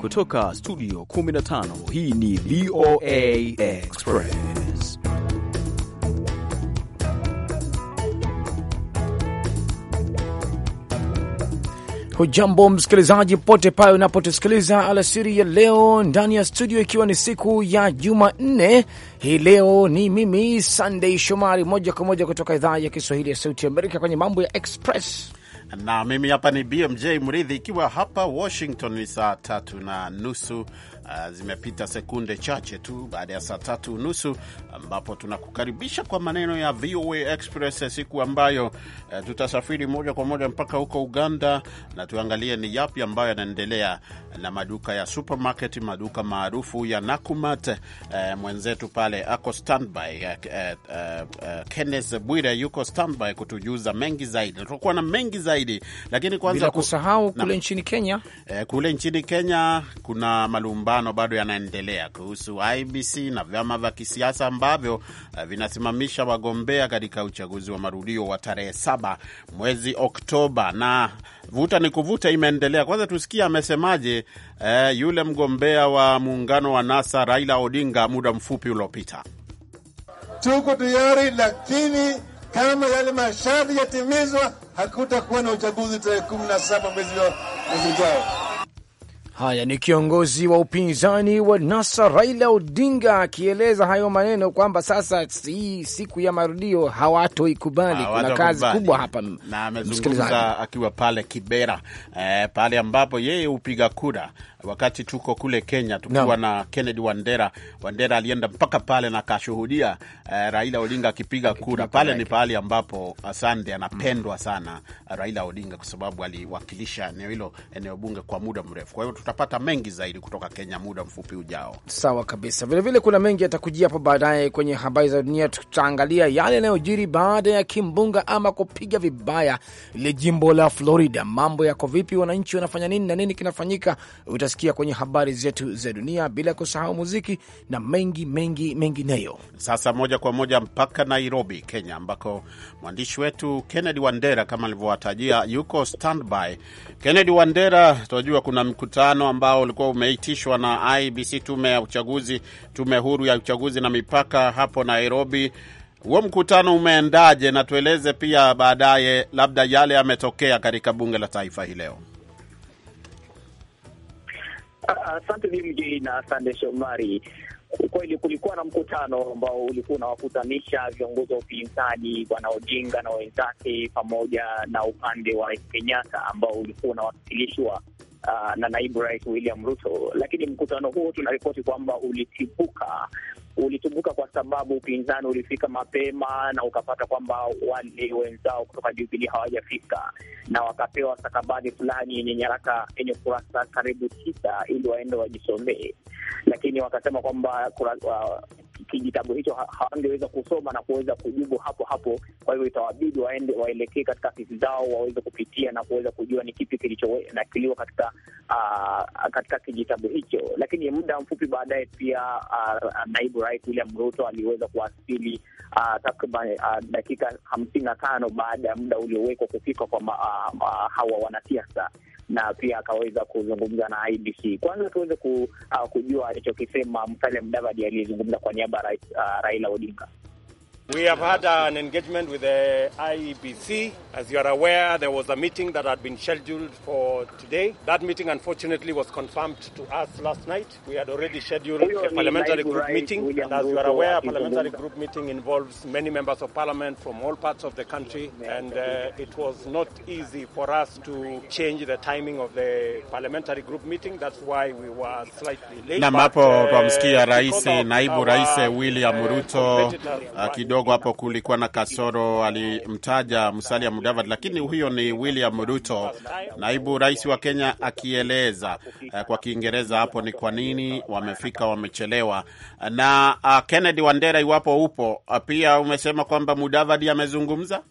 Kutoka studio 15 hii ni VOA Express. Hujambo msikilizaji, popote pale unapotusikiliza alasiri ya leo ndani ya studio, ikiwa ni siku ya Jumanne hii leo. Ni mimi Sunday Shomari, moja kwa moja kutoka idhaa ya Kiswahili ya Sauti Amerika kwenye mambo ya Express na mimi hapa ni BMJ Mridhi, ikiwa hapa Washington ni saa tatu na nusu Ah, zimepita sekunde chache tu baada ya saa tatu nusu ambapo tunakukaribisha kwa maneno ya VOA Express, siku ambayo uh, tutasafiri moja kwa moja mpaka huko Uganda na tuangalie ni yapi ambayo yanaendelea na maduka ya supermarket, maduka maarufu ya Nakumat. Uh, eh, mwenzetu pale ako standby uh, uh, uh, Kenneth Bwire yuko standby kutujuza mengi zaidi. Tutakuwa na mengi zaidi, lakini kwanza kusahau kule nchini Kenya, uh, kule nchini Kenya kuna malumba mapambano bado yanaendelea kuhusu IBC na vyama vya kisiasa ambavyo eh, vinasimamisha wagombea katika uchaguzi wa marudio wa tarehe saba mwezi Oktoba, na vuta ni kuvuta imeendelea. Kwanza tusikie amesemaje eh, yule mgombea wa muungano wa NASA Raila Odinga muda mfupi uliopita. Tuko tayari lakini kama yale masharti yatimizwa, hakutakuwa na uchaguzi tarehe 17 mwezi ujao. Haya ni kiongozi wa upinzani wa NASA Raila Odinga akieleza hayo maneno kwamba sasa hii siku ya marudio hawatoikubali. Kuna kazi kubwa hapa, na amezungumza akiwa pale Kibera eh, pale ambapo yeye hupiga kura wakati tuko kule Kenya tukiwa no. na Kennedy Wandera. Wandera alienda mpaka pale na akashuhudia uh, Raila Odinga akipiga kura pale. Ni pahali ambapo asande anapendwa mm. sana eh, Raila Odinga kwa sababu aliwakilisha eneo hilo, eneo bunge kwa muda mrefu. Kwa hiyo tutapata mengi zaidi kutoka Kenya muda mfupi ujao. Sawa kabisa, vilevile vile kuna mengi yatakujia hapo baadaye kwenye habari za dunia. Tutaangalia yale yanayojiri baada ya kimbunga ama kupiga vibaya lile jimbo la Florida. Mambo yako vipi? Wananchi wanafanya nini na nini kinafanyika? Uta utasikia kwenye habari zetu za dunia, bila kusahau muziki na mengi mengi mengineyo. Sasa moja kwa moja mpaka Nairobi, Kenya, ambako mwandishi wetu Kennedy Wandera kama alivyowatajia yuko standby. Kennedy Wandera, tunajua kuna mkutano ambao ulikuwa umeitishwa na IBC, tume ya uchaguzi, tume huru ya uchaguzi na mipaka hapo Nairobi. Huo mkutano umeendaje? Na tueleze pia baadaye labda yale yametokea katika bunge la taifa hii leo. Asante BMJ na sande Shomari. Kweli kulikuwa na mkutano ambao ulikuwa unawakutanisha viongozi wa upinzani Bwana Odinga na wenzake pamoja na upande wa Rais Kenyatta ambao ulikuwa unawakilishwa uh, ah, na naibu rais William Ruto, lakini mkutano huo tunaripoti kwamba ulitibuka ulitumbuka kwa sababu upinzani ulifika mapema na ukapata kwamba wale wenzao kutoka Jubilee hawajafika na wakapewa stakabadhi fulani yenye nyaraka yenye kurasa karibu sita ili waende wajisomee, lakini wakasema kwamba uh, kijitabu hicho hawangeweza kusoma na kuweza kujibu hapo hapo. Kwa hivyo itawabidi waende waelekee katika afisi zao waweze kupitia na kuweza kujua ni kipi kilichonakiliwa katika uh, katika kijitabu hicho. Lakini muda mfupi baadaye pia uh, naibu rais William Ruto aliweza kuwasili uh, takriban uh, dakika hamsini na tano baada ya muda uliowekwa kufika kwa ma, uh, uh, hawa wanasiasa na pia akaweza kuzungumza na IBC. Kwanza tuweze ku, uh, kujua alichokisema Musalia Mudavadi aliyezungumza kwa niaba ya Rais uh, Raila Odinga. We have had an engagement with the IEBC. As you are aware, there was a meeting that had been scheduled for today. That meeting, unfortunately, was confirmed to us last night. We had already scheduled a parliamentary group meeting. And as you are aware, a parliamentary group meeting involves many members of parliament from all parts of the country. And uh, it was not easy for us to change the timing of the parliamentary group meeting. That's why we were slightly late. Nam uh, naibu rais William uh, Ruto uh, kidogo hapo kulikuwa na kasoro, alimtaja Musalia Mudavadi, lakini huyo ni William Ruto, naibu rais wa Kenya, akieleza eh, kwa Kiingereza hapo ni kwa nini wamefika wamechelewa. Na uh, Kennedy Wandera, iwapo upo ah, pia, umesema kwamba Mudavadi amezungumza.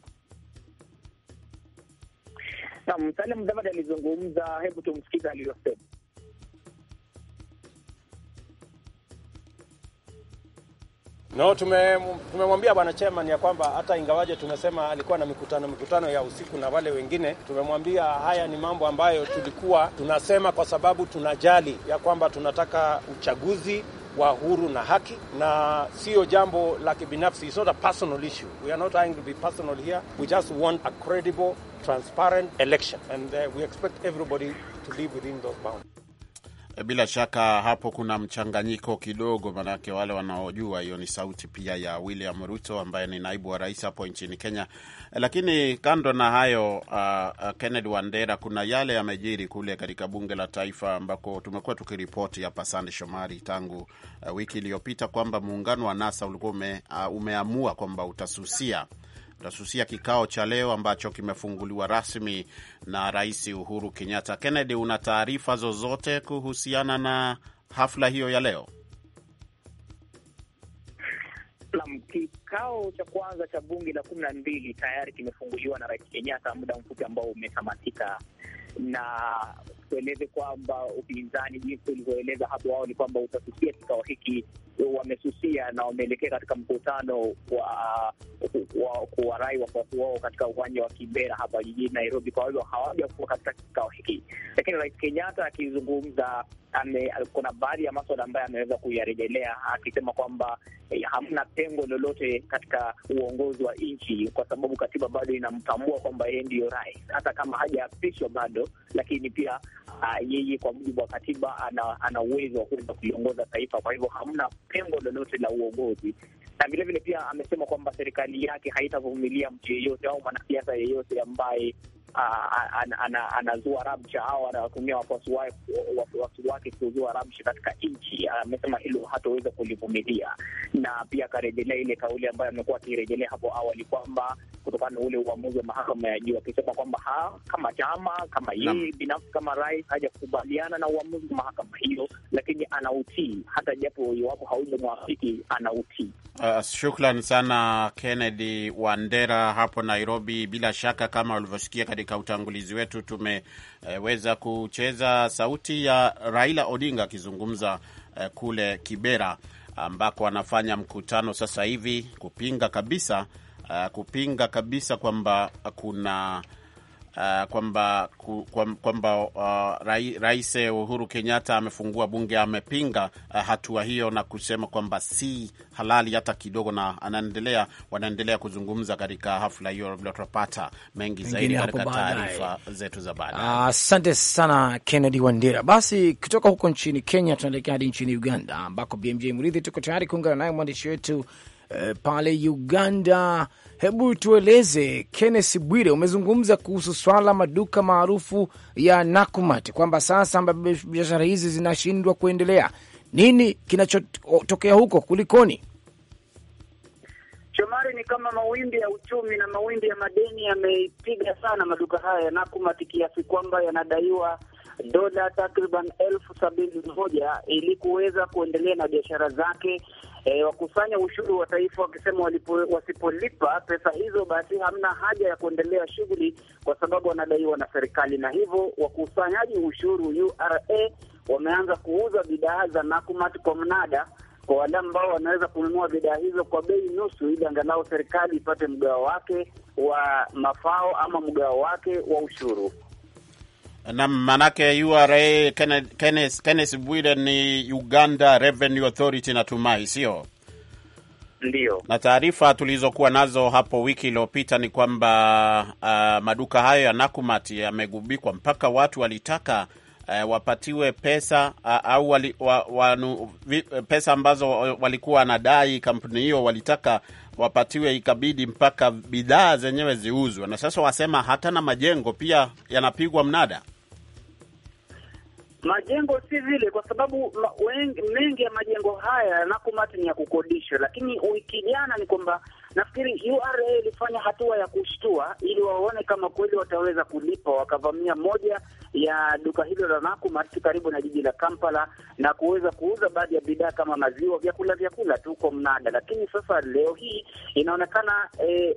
Musalia Mudavadi alizungumza, hebu tumsikiza aliyosema. No, tumemwambia bwana chairman ya kwamba hata ingawaje tumesema alikuwa na mikutano mikutano ya usiku na wale wengine, tumemwambia haya ni mambo ambayo tulikuwa tunasema kwa sababu tunajali ya kwamba tunataka uchaguzi wa huru na haki, na sio jambo la kibinafsi. It's not a personal issue. We are not trying to be personal here. We just want a credible, transparent election and uh, we expect everybody to live within those bounds. Eh, bila shaka hapo kuna mchanganyiko kidogo, manake wale wanaojua hiyo ni sauti pia ya William Ruto ambaye ni naibu wa rais hapo nchini Kenya. Eh, lakini kando na hayo, uh, ah, ah, Kennedy Wandera, kuna yale yamejiri kule katika bunge la taifa ambako tumekuwa tukiripoti hapa, Sande Shomari, tangu uh, wiki iliyopita kwamba muungano wa NASA ulikuwa ume, uh, umeamua kwamba utasusia Tutasusia kikao cha leo ambacho kimefunguliwa rasmi na Rais Uhuru Kenyatta. Kennedy, una taarifa zozote kuhusiana na hafla hiyo ya leo? Naam, kikao cha kwanza cha bunge la kumi na mbili tayari kimefunguliwa na Rais Kenyatta muda mfupi ambao umetamatika na tueleze kwamba upinzani, jinsi ulivyoeleza hapo awali kwamba utasusia kikao hiki, wamesusia na wameelekea katika mkutano wa kuwarai wafuasi wao katika uwanja wa Kibera hapa jijini Nairobi. Kwa hivyo hawajakuwa katika kikao hiki, lakini Rais Kenyatta akizungumza ame, kuna baadhi ya maswala ambayo ameweza kuyarejelea akisema kwamba eh, hamna pengo lolote katika uongozi wa nchi, kwa sababu katiba bado inamtambua kwamba yeye ndiyo rais hata kama hajaapishwa bado, lakini pia uh, yeye kwa mujibu wa katiba ana uwezo wa kuweza kuiongoza taifa. Kwa hivyo hamna pengo lolote la uongozi, na vilevile pia amesema kwamba serikali yake haitavumilia mtu yeyote au mwanasiasa yeyote ambaye anazua rabsha au anawatumia wafuasi wake kuzua rabsha katika nchi. Amesema hilo hatoweza kulivumilia, na pia akarejelea ile kauli ambayo amekuwa akirejelea hapo awali kwamba kutokana na ule uamuzi wa mahakama ya juu, akisema kwamba kama chama kama yeye binafsi kama rais hajakubaliana na uamuzi wa mahakama hiyo, lakini anautii hata japo iwapo haujamwafiki anautii. Uh, shukran sana Kennedy Wandera hapo Nairobi. Bila shaka kama ulivyosikia katika utangulizi wetu tumeweza kucheza sauti ya Raila Odinga akizungumza eh, kule Kibera ambako anafanya mkutano sasa hivi kupinga kabisa, eh, kupinga kabisa kwamba kuna Ah, kwamba kwamba uh, Rais Uhuru Kenyatta amefungua bunge, amepinga uh, hatua hiyo na kusema kwamba si halali hata kidogo, na anaendelea wanaendelea kuzungumza katika hafla hiyo. Vile tutapata mengi zaidi katika taarifa zetu za baadaye. Asante uh, sana Kennedy Wandera. Basi kutoka huko nchini Kenya tunaelekea hadi nchini Uganda ambako BMJ Mridhi tuko tayari kuungana naye mwandishi wetu Eh, pale Uganda. Hebu tueleze kennes Bwire, umezungumza kuhusu swala maduka maarufu ya Nakumat kwamba sasa biashara hizi zinashindwa kuendelea. Nini kinachotokea huko, kulikoni? Shomari, ni kama mawimbi ya uchumi na mawimbi ya madeni yameipiga sana maduka haya ya Nakumat kiasi kwamba yanadaiwa dola takriban elfu sabini na moja ili kuweza kuendelea na biashara zake e, wakusanya ushuru wa taifa wakisema wasipolipa pesa hizo basi hamna haja ya kuendelea shughuli kwa sababu wanadaiwa na serikali, na hivyo wakusanyaji ushuru URA wameanza kuuza bidhaa za nakumat kwa mnada kwa wale ambao wanaweza kununua bidhaa hizo kwa bei nusu, ili angalau serikali ipate mgao wake wa mafao ama mgao wake wa ushuru na manake URA Kenneth Bwire ni Uganda Revenue Authority natumai, sio ndio? Na taarifa tulizokuwa nazo hapo wiki iliyopita ni kwamba uh, maduka hayo ya Nakumati yamegubikwa mpaka watu walitaka uh, wapatiwe pesa uh, au wali, wa, wanu, vi, pesa ambazo walikuwa wanadai kampuni hiyo walitaka wapatiwe ikabidi mpaka bidhaa zenyewe ziuzwe, na sasa wasema hata na majengo pia yanapigwa mnada. Majengo si vile, kwa sababu mengi ya majengo haya Nakumatt ni ya kukodishwa, lakini wiki jana ni kwamba nafikiri URA ilifanya hatua ya kushtua ili waone kama kweli wataweza kulipa, wakavamia moja ya duka hilo la Nakumat karibu na jiji la Kampala na kuweza kuuza baadhi ya bidhaa kama maziwa, vyakula vyakula tu kwa mnada. Lakini sasa leo hii inaonekana eh,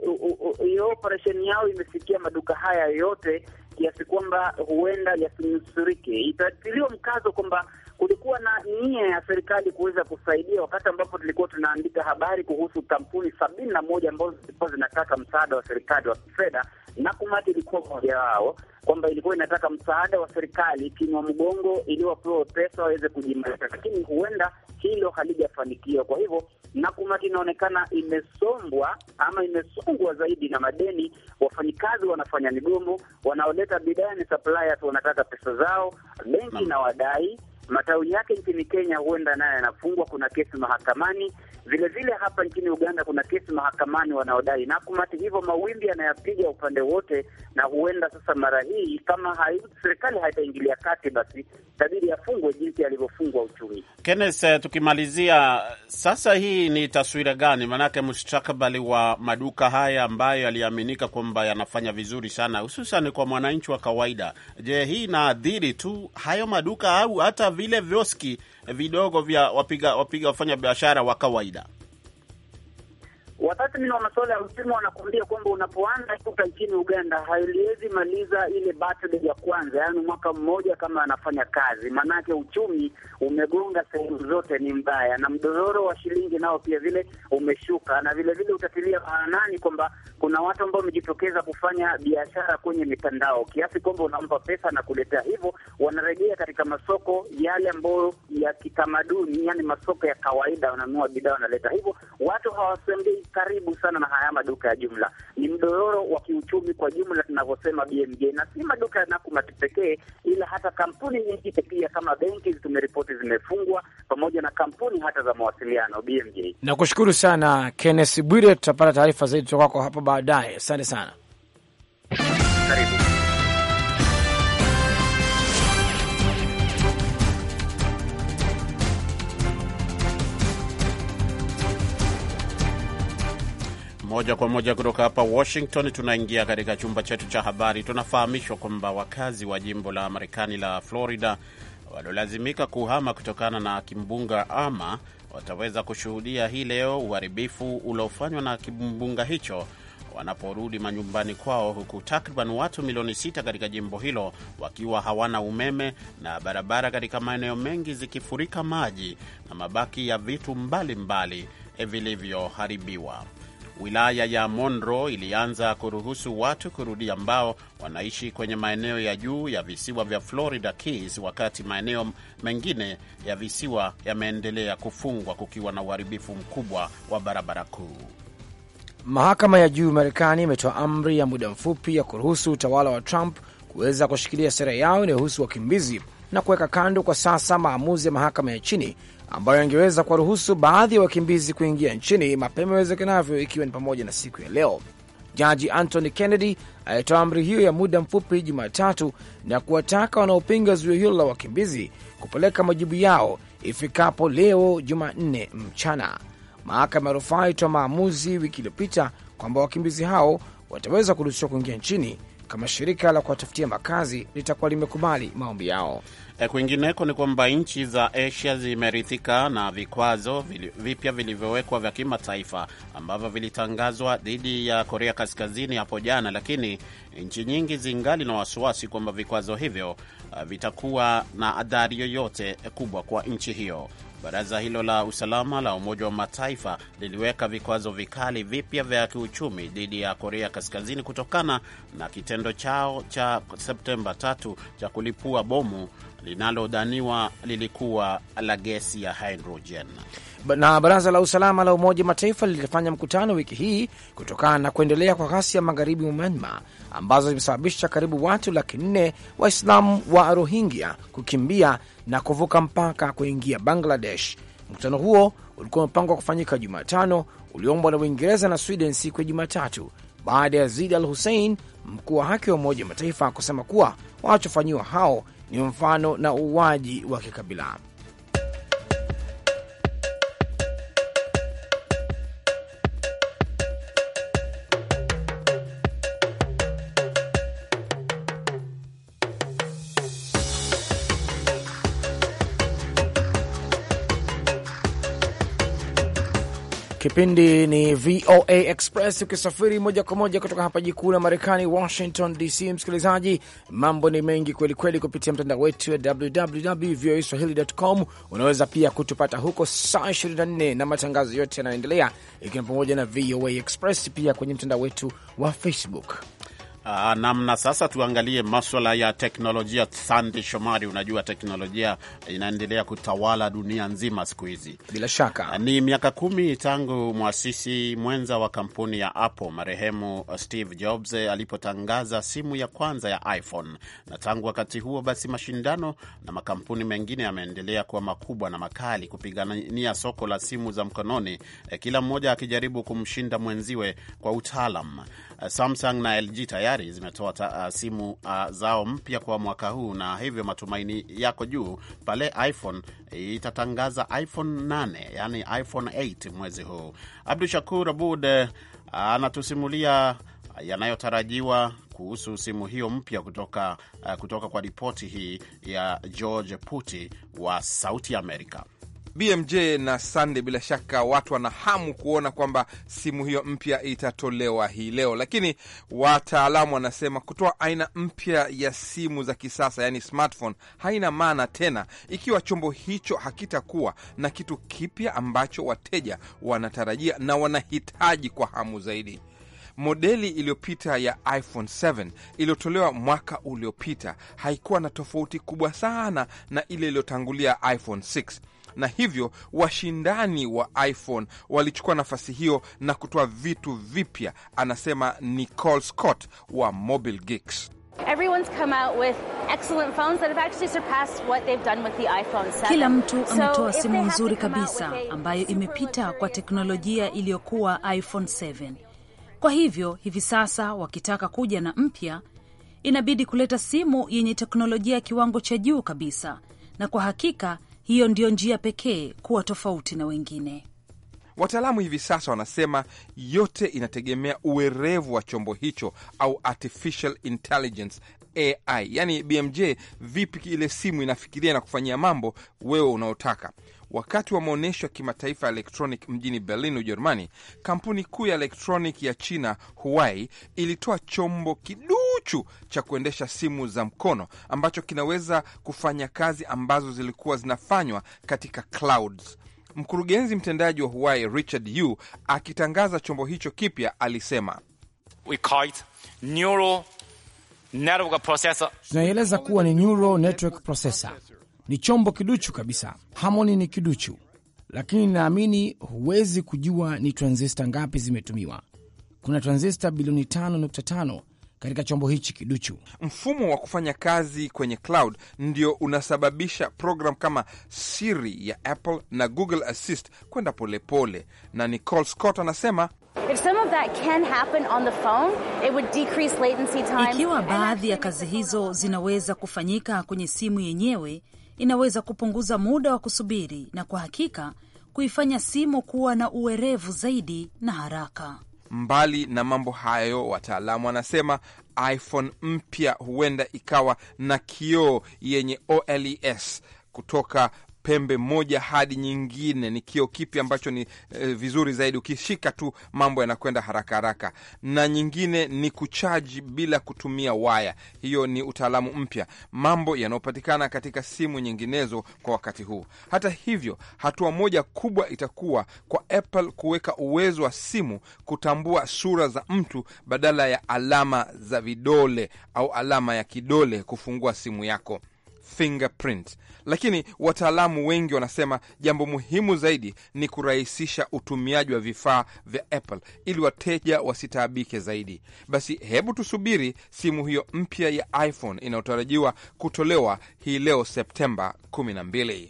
hiyo eh, operesheni yao imefikia maduka haya yote kiasi kwamba huenda yasinusurike. Itatiliwa mkazo kwamba kulikuwa na nia ya serikali kuweza kusaidia, wakati ambapo tulikuwa tunaandika habari kuhusu kampuni sabini na moja ambazo zilikuwa zinataka msaada wa serikali wa kifedha. na Nakumatt ilikuwa mmoja wao, kwamba ilikuwa inataka msaada wa serikali kinwa mgongo ili wapewe pesa waweze kujimarika, lakini huenda hilo halijafanikiwa. Kwa hivyo Nakumatt inaonekana imesombwa ama imesongwa zaidi na madeni. Wafanyikazi wanafanya migomo, wanaoleta bidhaa ni suppliers, wanataka pesa zao, benki na wadai matawi yake nchini Kenya huenda naye yanafungwa. Kuna kesi mahakamani vilevile vile. Hapa nchini Uganda kuna kesi mahakamani wanaodai Nakumati, hivyo mawimbi yanayapiga upande wote, na huenda sasa mara hii kama hai, serikali haitaingilia kati, basi tabiri afungwe jinsi alivyofungwa uchumi. Kenneth, eh, tukimalizia sasa, hii ni taswira gani? Maanake mustakabali wa maduka haya ambayo yaliaminika kwamba yanafanya vizuri sana, hususan kwa mwananchi wa kawaida. Je, hii inaadhiri tu hayo maduka au hata vile vioski vidogo vya wapiga wapiga wafanya biashara wa kawaida. Watathmini wa masuala ya uchumi wanakuambia kwamba unapoanza kutoka nchini Uganda haliwezi maliza ile battle ya kwanza, yaani mwaka mmoja kama anafanya kazi, maanake uchumi umegonga sehemu zote, ni mbaya, na mdororo wa shilingi nao pia vile umeshuka, na vile vile utatilia maanani kwamba kuna watu ambao wamejitokeza kufanya biashara kwenye mitandao, kiasi kwamba unampa pesa na kuletea hivyo, wanarejea katika masoko yale ambayo ya kitamaduni, yani masoko ya kawaida, wananunua bidhaa wanaleta hivyo, watu hawasembei karibu sana na haya maduka ya jumla. Ni mdororo wa kiuchumi kwa jumla tunavyosema BMJ, na si maduka ya Nakumatt pekee, ila hata kampuni nyingi pia kama benki tumeripoti zimefungwa, pamoja na kampuni hata za mawasiliano. BMJ, nakushukuru sana Kenneth Bwire, tutapata taarifa zaidi kutoka kwako hapo baadaye. Asante sana, karibu. Moja kwa moja kutoka hapa Washington, tunaingia katika chumba chetu cha habari. Tunafahamishwa kwamba wakazi wa jimbo la Marekani la Florida waliolazimika kuhama kutokana na kimbunga Ama wataweza kushuhudia hii leo uharibifu uliofanywa na kimbunga hicho wanaporudi manyumbani kwao, huku takriban watu milioni sita katika jimbo hilo wakiwa hawana umeme na barabara katika maeneo mengi zikifurika maji na mabaki ya vitu mbalimbali vilivyoharibiwa wilaya ya monro ilianza kuruhusu watu kurudi ambao wanaishi kwenye maeneo ya juu ya visiwa vya Florida Keys, wakati maeneo mengine ya visiwa yameendelea kufungwa kukiwa na uharibifu mkubwa wa barabara kuu. Mahakama ya juu Marekani imetoa amri ya muda mfupi ya kuruhusu utawala wa Trump kuweza kushikilia sera yao inayohusu wakimbizi na kuweka kando kwa sasa maamuzi ya mahakama ya chini ambayo yangeweza kuwaruhusu baadhi ya wa wakimbizi kuingia nchini mapema iwezekanavyo, ikiwa ni pamoja na siku ya leo. Jaji Anthony Kennedy alitoa amri hiyo ya muda mfupi Jumatatu na kuwataka wanaopinga zuio hilo la wakimbizi kupeleka majibu yao ifikapo leo Jumanne mchana. Mahakama ya rufaa ilitoa maamuzi wiki iliyopita kwamba wakimbizi hao wataweza kuruhusiwa kuingia nchini kama shirika la kuwatafutia makazi litakuwa limekubali maombi yao. E, kwingineko ni kwamba nchi za Asia zimerithika na vikwazo vipya vilivyowekwa vya kimataifa ambavyo vilitangazwa dhidi ya Korea Kaskazini hapo jana, lakini nchi nyingi zingali na wasiwasi kwamba vikwazo hivyo eh, vitakuwa na adhari yoyote kubwa kwa nchi hiyo. Baraza hilo la usalama la Umoja wa Mataifa liliweka vikwazo vikali vipya vya kiuchumi dhidi ya Korea Kaskazini kutokana na kitendo chao cha Septemba tatu cha kulipua bomu linalodhaniwa lilikuwa la gesi ya hidrojeni. Na baraza la usalama la Umoja Mataifa lilifanya mkutano wiki hii kutokana na kuendelea kwa ghasia magharibi mwa Myanmar ambazo zimesababisha karibu watu laki nne Waislamu wa Rohingya kukimbia na kuvuka mpaka kuingia Bangladesh. Mkutano huo ulikuwa umepangwa kufanyika Jumatano, uliombwa na Uingereza na Sweden siku ya Jumatatu baada ya Zid Al Hussein, mkuu wa haki wa Umoja Mataifa, kusema kuwa wanachofanyiwa hao ni mfano na uuaji wa kikabila. Kipindi ni VOA Express, ukisafiri moja kwa moja kutoka hapa jikuu la Marekani, Washington DC. Msikilizaji, mambo ni mengi kweli kweli kupitia mtandao wetu wa www voa swahili.com. Unaweza pia kutupata huko saa 24 na matangazo yote yanayoendelea, ikiwa pamoja na VOA Express, pia kwenye mtandao wetu wa Facebook. Aa, ah, namna sasa, tuangalie maswala ya teknolojia. Sande Shomari, unajua teknolojia inaendelea kutawala dunia nzima siku hizi. Bila shaka ah, ni miaka kumi tangu mwasisi mwenza wa kampuni ya Apple marehemu Steve Jobs alipotangaza simu ya kwanza ya iPhone, na tangu wakati huo basi mashindano na makampuni mengine yameendelea kuwa makubwa na makali kupigania soko la simu za mkononi, eh, kila mmoja akijaribu kumshinda mwenziwe kwa utaalam. Ah, Samsung na LG tayari tayari zimetoa ta, uh, simu uh, zao mpya kwa mwaka huu, na hivyo matumaini yako juu pale iPhone itatangaza iPhone 8 yani iPhone 8 mwezi huu. Abdu Shakur Abud uh, anatusimulia uh, yanayotarajiwa kuhusu simu hiyo mpya kutoka, uh, kutoka kwa ripoti hii ya George Puti wa Sauti Amerika. BMJ na Sande, bila shaka watu wana hamu kuona kwamba simu hiyo mpya itatolewa hii leo, lakini wataalamu wanasema kutoa aina mpya ya simu za kisasa, yaani smartphone, haina maana tena ikiwa chombo hicho hakitakuwa na kitu kipya ambacho wateja wanatarajia na wanahitaji kwa hamu zaidi. Modeli iliyopita ya iPhone 7 iliyotolewa mwaka uliopita haikuwa na tofauti kubwa sana na ile iliyotangulia iPhone 6 na hivyo washindani wa iPhone walichukua nafasi hiyo na kutoa vitu vipya, anasema Nicole Scott wa Mobile Geeks. Kila mtu ametoa so simu nzuri kabisa ambayo imepita kwa teknolojia iliyokuwa iPhone 7. Kwa hivyo hivi sasa wakitaka kuja na mpya, inabidi kuleta simu yenye teknolojia ya kiwango cha juu kabisa, na kwa hakika hiyo ndiyo njia pekee kuwa tofauti na wengine. Wataalamu hivi sasa wanasema yote inategemea uwerevu wa chombo hicho au artificial intelligence AI, yani BMJ. Vipi ile simu inafikiria na kufanyia mambo wewe unaotaka? Wakati wa maonyesho ya kimataifa ya electronic mjini Berlin, Ujerumani, kampuni kuu ya electronic ya China Huawei ilitoa chombo kidogo kichuchu cha kuendesha simu za mkono ambacho kinaweza kufanya kazi ambazo zilikuwa zinafanywa katika clouds. Mkurugenzi mtendaji wa Huawei Richard Yu akitangaza chombo hicho kipya alisema, We call it neural network processor. Tunaieleza kuwa ni neural network processor. Ni chombo kiduchu kabisa. Harmony ni kiduchu, lakini naamini huwezi kujua ni transista ngapi zimetumiwa. Kuna transista bilioni 5.5 katika chombo hichi kiduchu. Mfumo wa kufanya kazi kwenye cloud ndio unasababisha programu kama Siri ya Apple na Google Assist kwenda polepole, na Nicole Scott anasema ikiwa baadhi ya kazi hizo zinaweza kufanyika kwenye simu yenyewe, inaweza kupunguza muda wa kusubiri na kwa hakika kuifanya simu kuwa na uwerevu zaidi na haraka. Mbali na mambo hayo, wataalamu wanasema iPhone mpya huenda ikawa na kioo yenye OLES kutoka pembe moja hadi nyingine. Ni kio kipi ambacho ni e, vizuri zaidi? Ukishika tu mambo yanakwenda haraka haraka. Na nyingine ni kuchaji bila kutumia waya. Hiyo ni utaalamu mpya, mambo yanayopatikana katika simu nyinginezo kwa wakati huu. Hata hivyo, hatua moja kubwa itakuwa kwa Apple kuweka uwezo wa simu kutambua sura za mtu badala ya alama za vidole au alama ya kidole kufungua simu yako fingerprint. Lakini wataalamu wengi wanasema jambo muhimu zaidi ni kurahisisha utumiaji wa vifaa vya Apple ili wateja wasitaabike zaidi. Basi hebu tusubiri simu hiyo mpya ya iPhone inayotarajiwa kutolewa hii leo Septemba 12.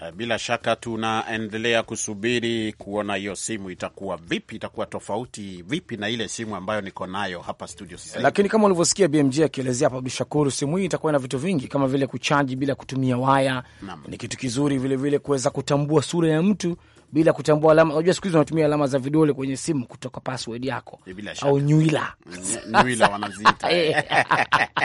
Eh, bila shaka tunaendelea kusubiri kuona hiyo simu itakuwa vipi, itakuwa tofauti vipi na ile simu ambayo niko nayo hapa studio sasa. Lakini kama ulivyosikia BMG akielezea hapa, Abdushakuru, simu hii itakuwa na vitu vingi kama vile kuchaji bila kutumia waya, ni kitu kizuri vilevile, kuweza kutambua sura ya mtu bila kutambua alama. Unajua siku hizi wanatumia alama za vidole kwenye simu kutoka password yako eh, au nywila, nywila wanaziita eh.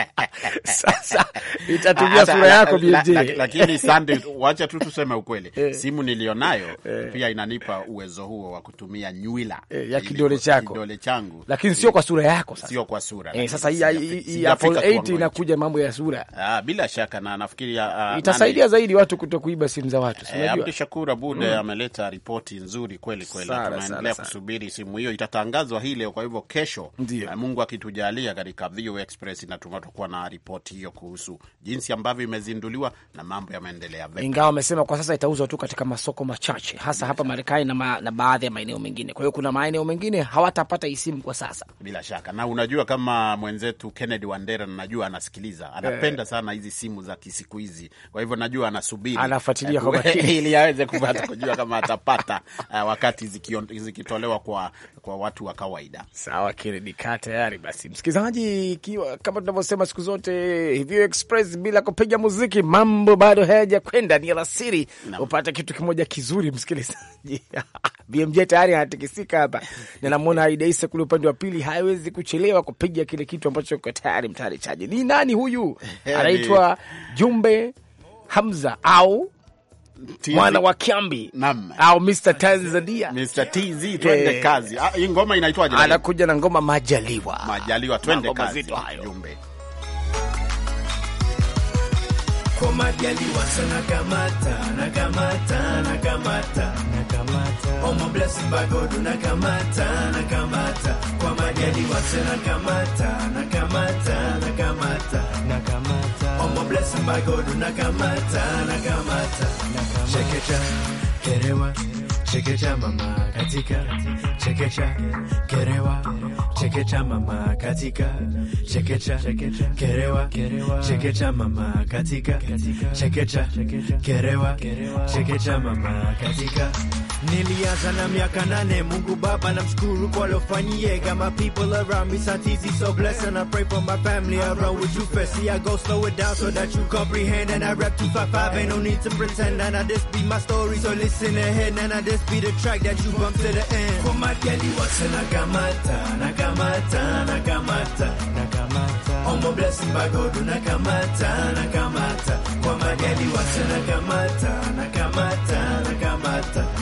sasa itatumia ah, ah, sura yako BMJ. Lakini Sande, wacha tu tuseme ukweli, eh. simu nilionayo pia inanipa uwezo huo wa kutumia nywila ya kidole chako, kidole changu, lakini sio kwa sura yako. Sasa sio kwa sura eh. Sasa hii Apple 8 inakuja mambo ya sura, ah, bila shaka, na nafikiri ah, itasaidia zaidi watu kutokuiba simu za watu. Unajua Abdul Shakur Abude mm. ameleta ripoti nzuri kweli kweli. Tunaendelea kusubiri simu hiyo, itatangazwa hii leo, kwa hivyo kesho, uh, Mungu akitujalia, katika VOA Express natuma tutakuwa na ripoti hiyo kuhusu jinsi ambavyo imezinduliwa na mambo yameendelea ingawa amesema kwa sasa itauzwa tu katika masoko machache hasa hapa Marekani na, ma, na baadhi ya maeneo mengine. Kwa hiyo kuna maeneo mengine hawatapata hii simu kwa sasa, bila shaka. Na unajua kama mwenzetu Kennedy Wandera, najua anasikiliza, anapenda eh. sana hizi simu za kisiku hizi, kwa hivyo najua anasubiri, anafuatilia kwa makini ili aweze kupata kujua kama atapata wanapata uh, eh, wakati zikitolewa ziki kwa, kwa watu wa kawaida. Sawa, kiridika tayari. Basi msikilizaji, ikiwa kama tunavyosema siku zote hivyo express bila kupiga muziki, mambo bado hayaja kwenda, ni alasiri upate kitu kimoja kizuri msikilizaji. BMJ tayari anatikisika hapa na namwona Aidaisa kule upande wa pili, hawezi kuchelewa kupiga kile kitu ambacho kwa tayari. Mtayarishaji ni nani huyu? Anaitwa Jumbe Hamza au mwana wa Kiambi au Mr Tanzania, Mr TZ, twende yeah. kazi. Ah, hii ngoma inaitwaje? Anakuja na ngoma Majaliwa, Majaliwa, twende kazi jumbe kwa Majaliwa sana kamata na kamata na kamata na kamata Omo oh, bless bagodu na kamata na kamata kwa Majaliwa sana kamata na kamata na kamata na kamata Omo oh, bless bagodu na kamata na kamata chekecha kerewa chekecha mama katika chekecha kerewa chekecha mama katika chekecha kerewa chekecha mama katika chekecha kerewa chekecha mama katika Nilianza na miaka nane, Mungu Baba namshukuru kwa lofanyie. Got my people around me, sight easy, so blessed, and I pray for my family. I run with you first, see I go slow it down so that you comprehend. And I rap 255, ain't no need to pretend. And I just be my story, so listen ahead. And I just be the track that you bump to the end. Kwa madeli wase nakamata, nakamata, nakamata, nakamata. Omo blessing by God, nakamata, nakamata. Kwa madeli wase nakamata, nakamata, nakamata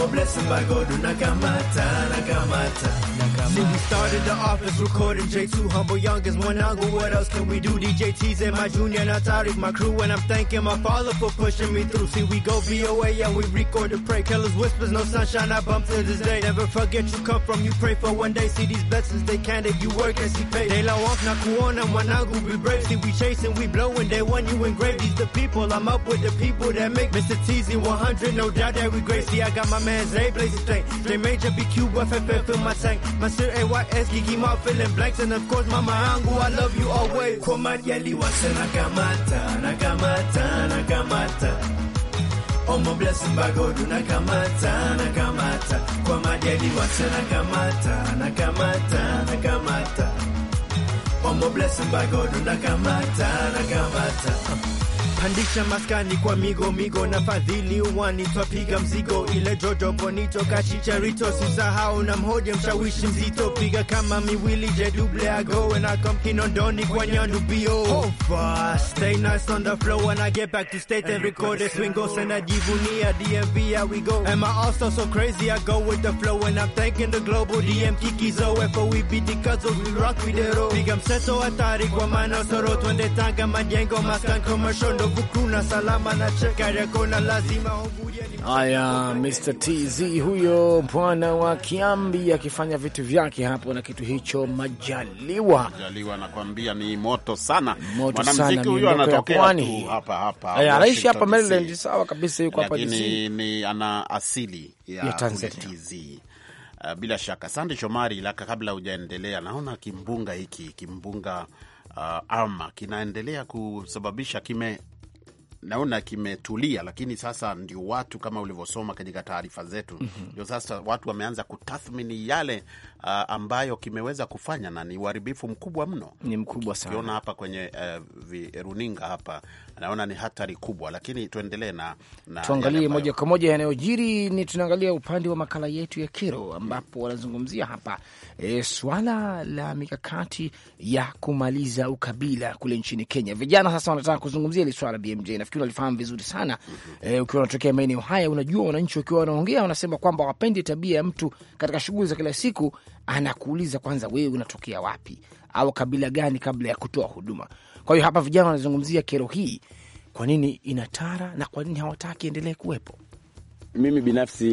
mambo blessed by God unakamata nakamata, nakamata. See, we started the office recording J2 Humble Youngest, one uncle. What else can we do? DJ TZ, my junior, not Atari's my crew. And I'm thanking my father for pushing me through. See, we go VOA and we record to pray. Killers whispers, no sunshine. I bump to this day. Never forget you come from. You pray for one day. See these blessings, they can't if you work and see pay. They la off na kuona, wanangu, we brave. See, we chasing, we blowing. They want you engraved. These the people. I'm up with the people that make Mr. TZ 100. No doubt that we great. See, I got my man Zay Blaze Thing. They major BQ, FFF fill my tank. My Mr. AYS Kiki ma filling blanks and of course mama angu I love you always kwa majali wase nakamata nakamata nakamata Omo bless mbagodu nakamata nakamata kwa majali wase nakamata nakamata nakamata Omo bless mbagodu nakamata nakamata pandisha maskani kwa migo migo na fadhili uwani twapiga mzigo ile jojo bonito kachicharito sisahau na mhoje mshawishi mzito piga kama miwili jeduble ago and I come kinondoni kwa nyandubio Hova stay nice on the flow when I get back to state and record it swingos and divunia DMV here we go am I also so crazy I go with the flow and I'm thanking the global DM kikizo FOEB dikazo we rock with the road piga mseto hatari kwa maana soro twende Tanga majengo maskani commercial Haya, Mr TZ huyo bwana wa Kiambi akifanya vitu vyake hapo na kitu hicho. Majaliwa, Majaliwa anakwambia ni moto sana, moto sana. Huyo anatokea hapa hapa Haya, anaishi hapa Maryland. Sawa kabisa, yuko hapa DC, ni ana asili ya, ya Tanzania. Uh, bila shaka Sande Shomari laka, kabla hujaendelea, naona kimbunga hiki kimbunga uh, ama kinaendelea kusababisha kime naona kimetulia, lakini sasa ndio watu kama ulivyosoma katika taarifa zetu, mhm. ndio mm -hmm. Sasa watu wameanza kutathmini yale uh, ambayo kimeweza kufanya, na ni uharibifu mkubwa mno, ni mkubwa sana. Ukiona hapa kwenye uh, vi, runinga hapa naona ni hatari kubwa, lakini tuendelee na, na tuangalie moja kwa moja yanayojiri. Ni tunaangalia upande wa makala yetu ya kero, ambapo wanazungumzia hapa e, swala la mikakati ya kumaliza ukabila kule nchini Kenya. Vijana sasa wanataka kuzungumzia hili swala BMJ, nafikiri unalifahamu vizuri sana mm-hmm. e, ukiwa unatokea maeneo haya, unajua wananchi wakiwa wanaongea wanasema kwamba wapendi tabia ya mtu katika shughuli za kila siku anakuuliza kwanza wewe unatokea wapi au kabila gani kabla ya kutoa huduma. Kwa hiyo hapa vijana wanazungumzia kero hii, kwa nini inatara na kwa nini hawataki endelee kuwepo. Mimi binafsi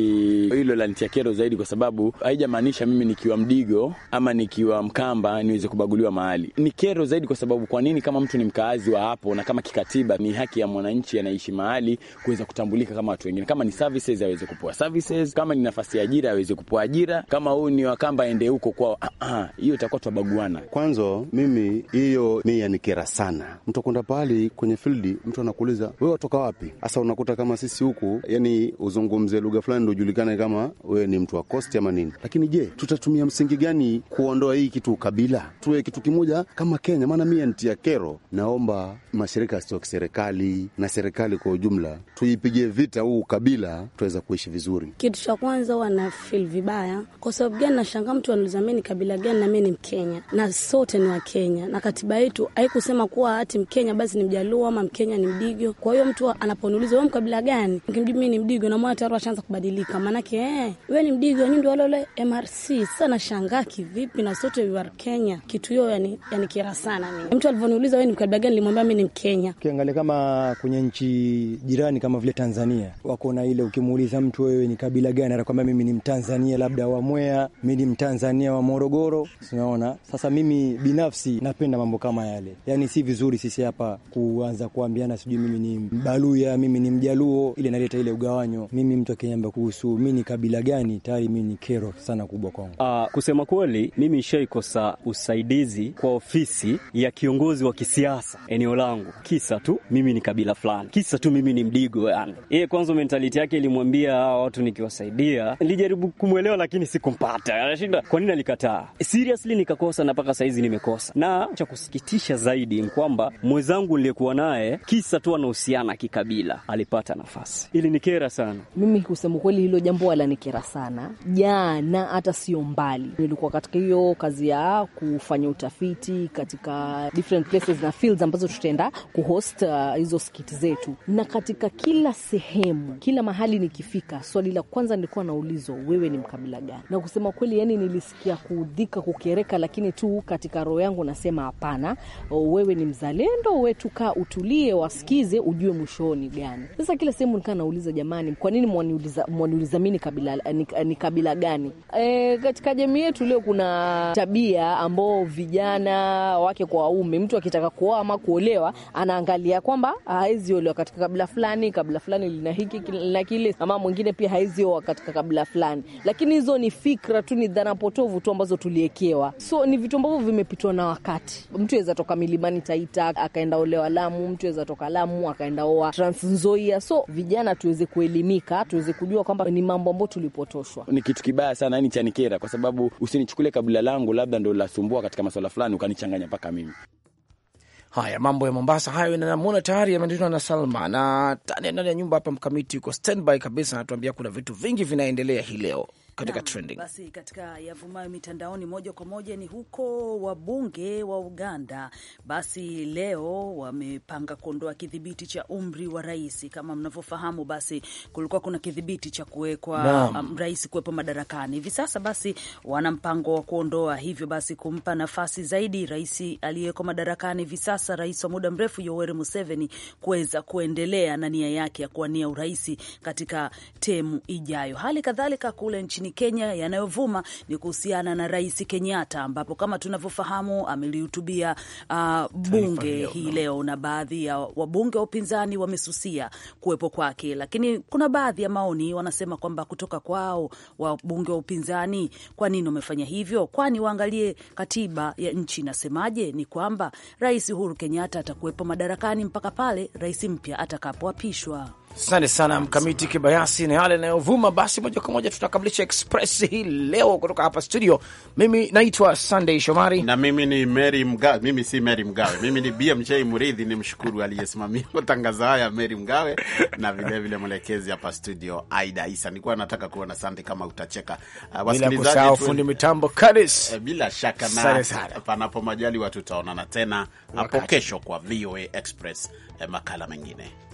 hilo lanitia kero zaidi, kwa sababu haijamaanisha mimi nikiwa Mdigo ama nikiwa Mkamba niweze kubaguliwa mahali. Ni kero zaidi kwa sababu kwa nini? Kama mtu ni mkaazi wa hapo, na kama kikatiba ni haki ya mwananchi anaishi mahali kuweza kutambulika kama watu wengine. Kama ni services aweze kupewa services, kama ni nafasi ya ajira aweze kupewa ajira, kama huyu ni Wakamba aende huko kwao. Ah, ah, hiyo itakuwa twabaguana. Kwanza mimi hiyo mi yanikera sana, mtu akwenda pahali kwenye field, mtu anakuuliza wewe watoka wapi? Hasa unakuta kama sisi huku yani uzungu uzungumze lugha fulani ndo ujulikane kama wewe ni mtu wa kosti ama nini. Lakini je, tutatumia msingi gani kuondoa hii kitu ukabila, tuwe kitu kimoja kama Kenya? Maana mie ntia kero, naomba mashirika yasiyo kiserikali na serikali kwa ujumla tuipige vita huu ukabila, tuweza kuishi vizuri. Kitu cha kwanza huwa na feel vibaya. Kwa sababu gani? Nashangaa mtu anauliza mi ni kabila gani, na mi ni Mkenya na sote ni Wakenya, na katiba yetu haikusema kuwa hati Mkenya basi ni Mjaluo ama Mkenya ni Mdigo. Kwa hiyo mtu anaponiuliza we mkabila gani, mimi ni Mdigo na watu tayari washaanza kubadilika, maanake eh, we ni Mdigo, nyi ndio walole MRC. Sasa nashangaa kivipi, na sote wa Kenya. Kitu hiyo yani, yani kera sana mimi. Mtu alivyoniuliza we ni mkabila gani, nilimwambia mi ni Mkenya. Ukiangalia kama kwenye nchi jirani kama vile Tanzania wako na ile, ukimuuliza mtu wewe ni kabila gani, atakwambia mimi ni Mtanzania labda wa Mwea, mi ni Mtanzania wa Morogoro. Unaona, sasa mimi binafsi napenda mambo kama yale, yani si vizuri sisi hapa kuanza kuambiana sijui mimi ni Mbaluya, mimi ni Mjaluo, ile naleta ile ugawanyo mimi mimi mtu akiniambia kuhusu mi ni kabila gani, tayari mi ni kero sana kubwa kwangu. Uh, kusema kweli mimi nishaikosa usaidizi kwa ofisi ya kiongozi wa kisiasa eneo langu, kisa tu mimi ni kabila fulani, kisa tu mimi ni Mdigo. Yani yeye kwanza mentality yake ilimwambia hawa watu nikiwasaidia, nilijaribu kumwelewa lakini sikumpata, anashinda kwa nini alikataa. Seriously nikakosa na mpaka saizi nimekosa, na cha kusikitisha zaidi ni kwamba mwenzangu niliyekuwa naye kisa tu anahusiana kikabila alipata nafasi, ili sana. Mimi kusema kweli, hilo jambo alanikera sana jana, hata sio mbali. Nilikuwa katika hiyo kazi ya kufanya utafiti katika different places na fields ambazo tutaenda kuhost uh, hizo skiti zetu, na katika kila sehemu, kila mahali nikifika, swali la kwanza nilikuwa naulizwa, wewe ni mkabila gani? Na kusema kweli, yani nilisikia kuudhika, kukereka, lakini tu katika roho yangu nasema hapana, oh, wewe ni mzalendo, wetu, kaa utulie, wasikize, ujue mwishoni gani. Sasa kila sehemu nikaa nauliza, jamani, kwa nini Yaani mwaniuliza mi ni kabila gani? E, katika jamii yetu leo kuna tabia ambao vijana wake kwa waume, mtu akitaka kuoa ama kuolewa anaangalia kwamba hawezi olewa katika kabila fulani, kabila fulani lina hiki na kile, ama mwingine pia hawezi oa katika kabila fulani. Lakini hizo ni fikra tu, ni dhana potovu tu ambazo tuliekewa, so ni vitu ambavyo vimepitwa na wakati. Mtu aweza toka milimani Taita akaenda olewa Lamu, mtu aweza toka Lamu akaenda oa Trans Nzoia. So vijana tuweze kuelimika kutoka tuweze kujua kwamba ni mambo ambayo tulipotoshwa. Ni kitu kibaya sana, yani chanikera, kwa sababu usinichukulie kabila langu labda ndo lasumbua katika masuala fulani, ukanichanganya mpaka mimi. Haya mambo ya Mombasa hayo, namwona tayari yameendeshwa na Salma na ndani ya nyumba hapa. Mkamiti uko standby kabisa, anatuambia kuna vitu vingi vinaendelea hii leo katika trending. Basi katika yavumayo mitandaoni, moja kwa moja ni huko wabunge wa Uganda. Basi leo wamepanga kuondoa kidhibiti cha umri wa rais. Kama mnavyofahamu, basi kulikuwa kuna kidhibiti cha kuwekwa um, rais kuwepo madarakani. Hivi sasa basi wana mpango wa kuondoa hivyo, basi kumpa nafasi zaidi rais aliyeko madarakani hivi sasa, rais wa muda mrefu Yoweri Museveni kuweza kuendelea na nia yake ya kuwania urais katika temu ijayo. Hali kadhalika kule nchini nchini Kenya yanayovuma ni kuhusiana na Rais Kenyatta, ambapo kama tunavyofahamu amelihutubia uh, bunge hii leo na baadhi ya wabunge wa upinzani wamesusia kuwepo kwake, lakini kuna baadhi ya maoni wanasema kwamba kutoka kwao wabunge wa upinzani, kwa nini wamefanya hivyo? Kwani waangalie katiba ya nchi inasemaje, ni kwamba Rais Uhuru Kenyatta atakuwepo madarakani mpaka pale rais mpya atakapoapishwa. Asante sana Mkamiti Kibayasi na yale yanayovuma. Basi moja kwa moja tutakamilisha Express hii leo kutoka hapa studio. Mimi naitwa Sunday Shomari na mimi ni Mary Mgawe. Mimi si Mary Mgawe, mimi ni BMJ Muridhi. Ni mshukuru aliyesimamia matangazo haya Mary Mgawe na vilevile mwelekezi hapa studio Aida Isa. Nikuwa nataka kuona Sunday kama utacheka, uh, wasikilizaji, fundi mitambo Karis, uh, bila shaka na panapo majali watu, tutaonana tena hapo kesho kwa VOA Express, uh, makala mengine.